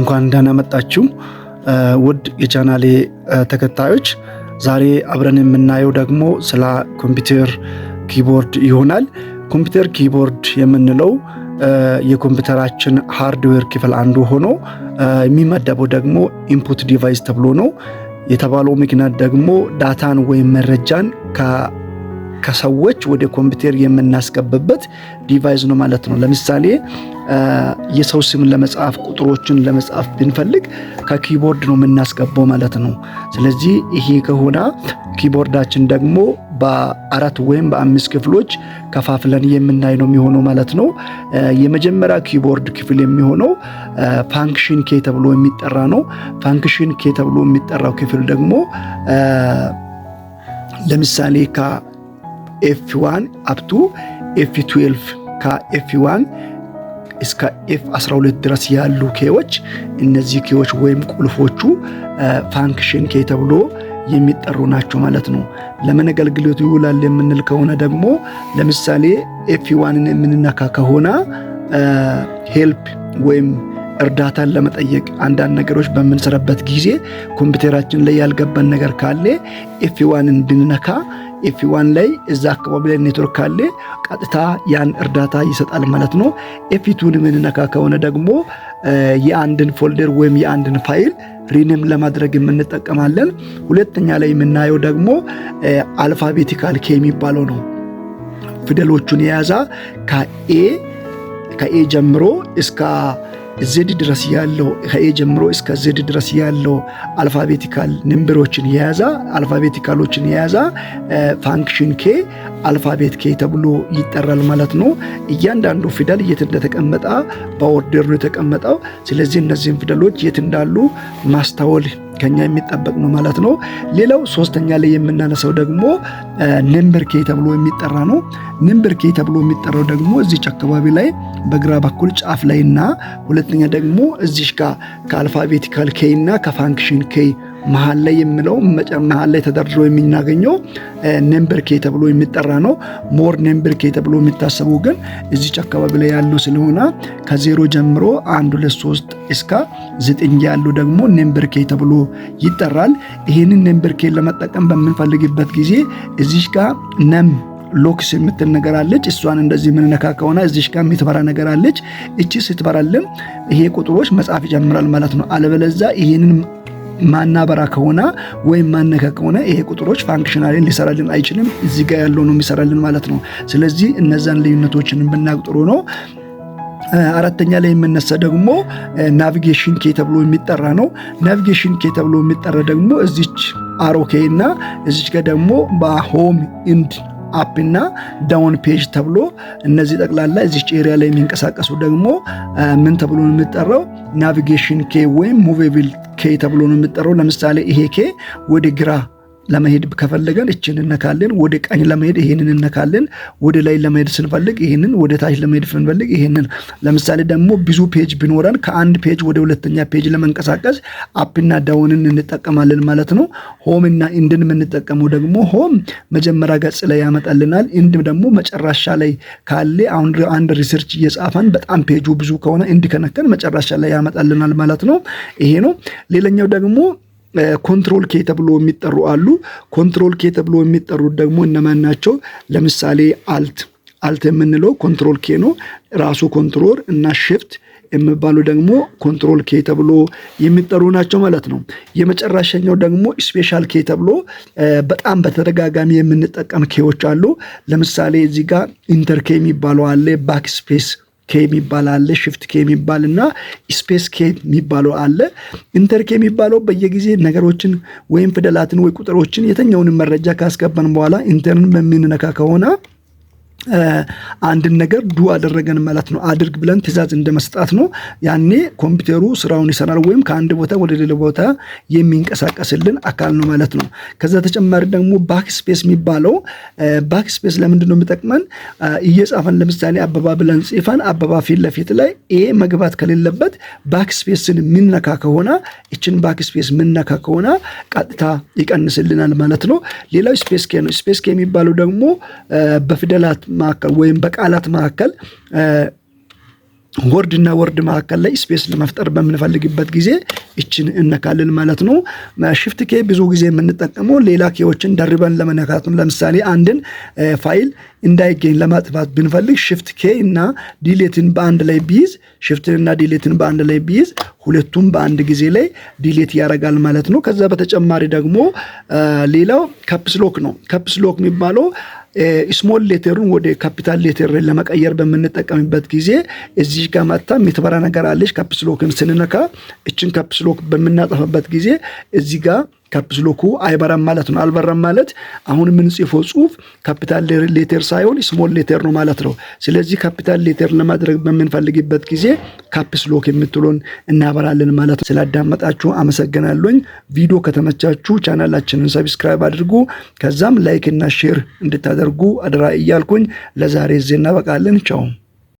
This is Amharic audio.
እንኳን ደህና መጣችሁ ውድ የቻናሌ ተከታዮች። ዛሬ አብረን የምናየው ደግሞ ስለ ኮምፒውተር ኪቦርድ ይሆናል። ኮምፒውተር ኪቦርድ የምንለው የኮምፒውተራችን ሃርድዌር ክፍል አንዱ ሆኖ የሚመደበው ደግሞ ኢንፑት ዲቫይስ ተብሎ ነው የተባለው። ምክንያት ደግሞ ዳታን ወይም መረጃን ከሰዎች ወደ ኮምፒውተር የምናስገባበት ዲቫይስ ነው ማለት ነው። ለምሳሌ የሰው ስምን ለመጻፍ ቁጥሮችን ለመጻፍ ብንፈልግ ከኪቦርድ ነው የምናስገባው ማለት ነው። ስለዚህ ይሄ ከሆነ ኪቦርዳችን ደግሞ በአራት ወይም በአምስት ክፍሎች ከፋፍለን የምናይ ነው የሚሆነው ማለት ነው። የመጀመሪያ ኪቦርድ ክፍል የሚሆነው ፋንክሽን ኬ ተብሎ የሚጠራ ነው። ፋንክሽን ኬ ተብሎ የሚጠራው ክፍል ደግሞ ለምሳሌ ከኤፍ ዋን አፕቱ ኤፍ ቱዌልቭ ከኤፍ ዋን እስከ ኤፍ 12 ድረስ ያሉ ኬዎች እነዚህ ኬዎች ወይም ቁልፎቹ ፋንክሽን ኬ ተብሎ የሚጠሩ ናቸው ማለት ነው። ለምን አገልግሎት ይውላል የምንል ከሆነ ደግሞ ለምሳሌ ኤፍ ዋንን የምንነካ ከሆነ ሄልፕ ወይም እርዳታን ለመጠየቅ አንዳንድ ነገሮች በምንሰራበት ጊዜ ኮምፒውተራችን ላይ ያልገባን ነገር ካለ ኤፍ ዋንን ብንነካ ኤፊዋን ላይ እዛ አካባቢ ላይ ኔትወርክ ካለ ቀጥታ ያን እርዳታ ይሰጣል ማለት ነው። ኤፊቱን የምንነካ ከሆነ ደግሞ የአንድን ፎልደር ወይም የአንድን ፋይል ሪንም ለማድረግ የምንጠቀማለን። ሁለተኛ ላይ የምናየው ደግሞ አልፋቤቲካል ኬ የሚባለው ነው። ፊደሎቹን የያዛ ከኤ ከኤ ጀምሮ እስከ ዜድ ድረስ ያለው ከኤ ጀምሮ እስከ ዜድ ድረስ ያለው አልፋቤቲካል ንምብሮችን የያዛ አልፋቤቲካሎችን የያዛ ፋንክሽን ኬ አልፋቤት ኬ ተብሎ ይጠራል ማለት ነው። እያንዳንዱ ፊደል የት እንደተቀመጠ በኦርደር ነው የተቀመጠው። ስለዚህ እነዚህን ፊደሎች የት እንዳሉ ማስታወል ከኛ የሚጠበቅ ነው ማለት ነው። ሌላው ሶስተኛ ላይ የምናነሳው ደግሞ ኬ ተብሎ የሚጠራ ነው። ኬ ተብሎ የሚጠራው ደግሞ እዚች አካባቢ ላይ በግራ በኩል ጫፍ ላይ እና ሁለተኛ ደግሞ እዚሽ ጋር ከአልፋቤቲካል ኬይ እና ከፋንክሽን ኬይ መሀል ላይ የምለው መሀል ላይ ተደርድሮ የምናገኘው ኔምበርኬ ተብሎ የሚጠራ ነው። ሞር ኔምበርኬ ተብሎ የሚታሰቡ ግን እዚች አካባቢ ላይ ያለው ስለሆነ ከዜሮ ጀምሮ አንድ ሁለት ሶስት እስከ ዘጠኝ ያሉ ደግሞ ኔምበርኬ ተብሎ ይጠራል። ይህንን ኔምበርኬ ለመጠቀም በምንፈልግበት ጊዜ እዚች ጋር ነም ሎክስ የምትል ነገር አለች። እሷን እንደዚህ የምንነካ ከሆነ እዚሽ ጋር የምትበራ ነገር አለች። እቺ ስትበራልን ይሄ ቁጥሮች መጻፍ ይጀምራል ማለት ነው። አለበለዛ ይህንን ማናበራ ከሆነ ወይም ማነካ ከሆነ ይሄ ቁጥሮች ፋንክሽናልን ሊሰራልን አይችልም። እዚህ ጋር ያለው ነው የሚሰራልን ማለት ነው። ስለዚህ እነዛን ልዩነቶችን ብናቁጥሩ ነው። አራተኛ ላይ የምነሳ ደግሞ ናቪጌሽን ኬ ተብሎ የሚጠራ ነው። ናቪጌሽን ኬ ተብሎ የሚጠራ ደግሞ እዚች አሮኬ እና እዚች ጋር ደግሞ በሆም ኢንድ አፕ እና ዳውን ፔጅ ተብሎ እነዚህ ጠቅላላ እዚች ኤሪያ ላይ የሚንቀሳቀሱ ደግሞ ምን ተብሎ የሚጠራው ናቪጌሽን ኬ ወይም ሙቬብል ኬ ተብሎ ነው የምጠራው። ለምሳሌ ይሄ ኬ ወደ ግራ ለመሄድ ከፈለገን እችን እነካለን፣ ወደ ቀኝ ለመሄድ ይሄንን እነካለን፣ ወደ ላይ ለመሄድ ስንፈልግ ይሄንን፣ ወደ ታች ለመሄድ ስንፈልግ ይሄንን። ለምሳሌ ደግሞ ብዙ ፔጅ ቢኖረን ከአንድ ፔጅ ወደ ሁለተኛ ፔጅ ለመንቀሳቀስ አፕና ዳውንን እንጠቀማለን ማለት ነው። ሆም እና ኢንድን የምንጠቀመው ደግሞ ሆም መጀመሪያ ገጽ ላይ ያመጣልናል፣ ኢንድ ደግሞ መጨረሻ ላይ ካለ አሁን አንድ ሪሰርች እየጻፈን በጣም ፔጁ ብዙ ከሆነ ኢንድ ከነከን መጨረሻ ላይ ያመጣልናል ማለት ነው። ይሄ ነው። ሌላኛው ደግሞ ኮንትሮል ኬ ተብሎ የሚጠሩ አሉ። ኮንትሮል ኬ ተብሎ የሚጠሩት ደግሞ እነማን ናቸው? ለምሳሌ አልት አልት የምንለው ኮንትሮል ኬ ነው ራሱ ኮንትሮል እና ሽፍት የሚባሉ ደግሞ ኮንትሮል ኬ ተብሎ የሚጠሩ ናቸው ማለት ነው። የመጨረሻኛው ደግሞ ስፔሻል ኬ ተብሎ በጣም በተደጋጋሚ የምንጠቀም ኬዎች አሉ። ለምሳሌ እዚህ ጋር ኢንተር ኬ የሚባለው አለ ባክ ስፔስ ኬ የሚባል አለ፣ ሽፍት ኬ የሚባል እና ስፔስ ኬ የሚባለው አለ። ኢንተር ኬ የሚባለው በየጊዜ ነገሮችን ወይም ፊደላትን ወይ ቁጥሮችን የተኛውንም መረጃ ካስገባን በኋላ ኢንተርን በሚንነካ ከሆነ አንድን ነገር ዱ አደረገን ማለት ነው። አድርግ ብለን ትእዛዝ እንደ መስጣት ነው። ያኔ ኮምፒውተሩ ስራውን ይሰራል፣ ወይም ከአንድ ቦታ ወደ ሌላ ቦታ የሚንቀሳቀስልን አካል ነው ማለት ነው። ከዛ ተጨማሪ ደግሞ ባክስፔስ የሚባለው ባክስፔስ ለምንድን ነው የሚጠቅመን? እየጻፈን ለምሳሌ አበባ ብለን ጽፈን አበባ ፊት ለፊት ላይ ኤ መግባት ከሌለበት ባክስፔስን የምንነካ ከሆነ ይችን ባክስፔስ የምነካ ከሆነ ቀጥታ ይቀንስልናል ማለት ነው። ሌላው ስፔስ ኬ ነው። ስፔስ ኬ የሚባለው ደግሞ በፊደላት መካከል ወይም በቃላት መካከል ወርድ እና ወርድ መካከል ላይ ስፔስ ለመፍጠር በምንፈልግበት ጊዜ እችን እነካልን ማለት ነው። ሽፍት ኬ ብዙ ጊዜ የምንጠቀመው ሌላ ኬዎችን ደርበን ለመነካት ነው። ለምሳሌ አንድን ፋይል እንዳይገኝ ለማጥፋት ብንፈልግ ሽፍት ኬ እና ዲሌትን በአንድ ላይ ቢይዝ፣ ሽፍትን እና ዲሌትን በአንድ ላይ ቢይዝ ሁለቱም በአንድ ጊዜ ላይ ዲሌት ያደርጋል ማለት ነው። ከዛ በተጨማሪ ደግሞ ሌላው ከፕስሎክ ነው። ከፕስሎክ የሚባለው ስሞል ሌተሩን ወደ ካፒታል ሌተር ለመቀየር በምንጠቀምበት ጊዜ እዚህ ጋር መታ የተበራ ነገር አለች። ካፕስሎክን ስንነካ እችን ካፕስሎክ በምናጠፋበት ጊዜ እዚህ ጋር ካፕስ ሎኩ አይበራም ማለት ነው። አልበራም ማለት አሁን የምንጽፈው ጽሁፍ ካፒታል ሌተር ሳይሆን ስሞል ሌተር ነው ማለት ነው። ስለዚህ ካፒታል ሌተር ለማድረግ በምንፈልግበት ጊዜ ካፕስ ሎክ እናበራለን ማለት ነው። ስላዳመጣችሁ አመሰግናለኝ። ቪዲዮ ከተመቻችሁ ቻናላችንን ሰብስክራይብ አድርጉ። ከዛም ላይክ እና ሼር እንድታደርጉ አደራ እያልኩኝ ለዛሬ እዚህ እናበቃለን። ቻውም